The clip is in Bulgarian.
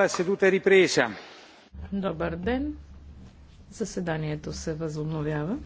La seduta е репрesa. Добър ден. Заседанието се възобновява.